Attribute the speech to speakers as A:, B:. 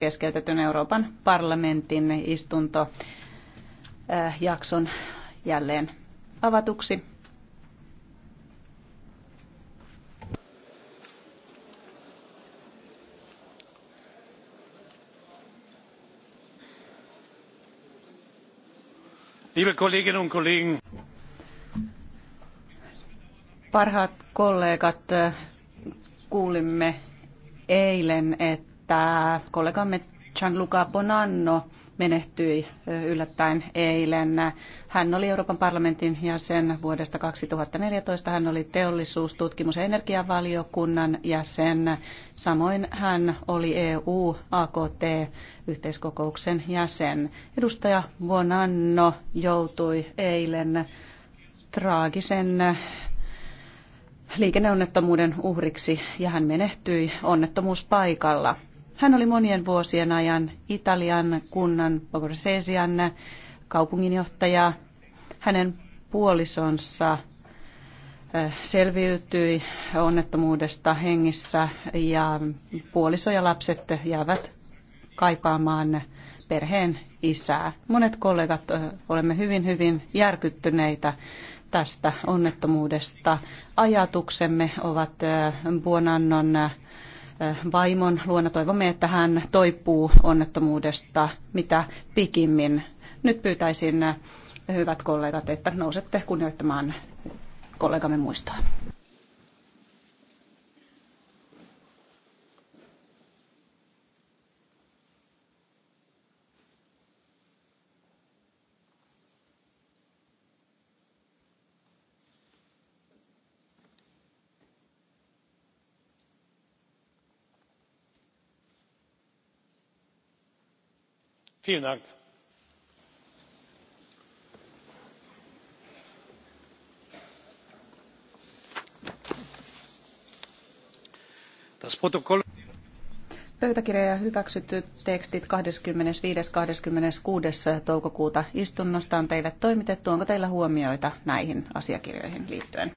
A: keskeytetyn Euroopan parlamentin istuntojakson äh, jälleen avatuksi. Liebe Kolleginnen und Kollegen, Parhaat kollegat, äh, kuulimme eilen, että että kollegamme Gianluca Bonanno menehtyi yllättäen eilen. Hän oli Euroopan parlamentin jäsen vuodesta 2014. Hän oli teollisuus-, tutkimus- ja energiavaliokunnan jäsen. Samoin hän oli EU-AKT-yhteiskokouksen jäsen. Edustaja Bonanno joutui eilen traagisen liikenneonnettomuuden uhriksi ja hän menehtyi onnettomuuspaikalla. Hän oli monien vuosien ajan Italian kunnan Pogresesian kaupunginjohtaja. Hänen puolisonsa eh, selviytyi onnettomuudesta hengissä ja puoliso ja lapset jäävät kaipaamaan perheen isää. Monet kollegat eh, olemme hyvin, hyvin järkyttyneitä tästä onnettomuudesta. Ajatuksemme ovat Buonannon eh, Äh, vaimon luona. Toivomme, että hän toipuu onnettomuudesta mitä pikimmin. Nyt pyytäisin äh, hyvät kollegat, että nousette kunnioittamaan kollegamme muistoa. vielen dank! pöytäkirja ja hyväksytyt tekstit kaksikymmentäviisi kaksikymmentäkuusi toukokuuta istunnosta on teille toimitettu. onko teillä huomioita näihin asiakirjoihin liittyen?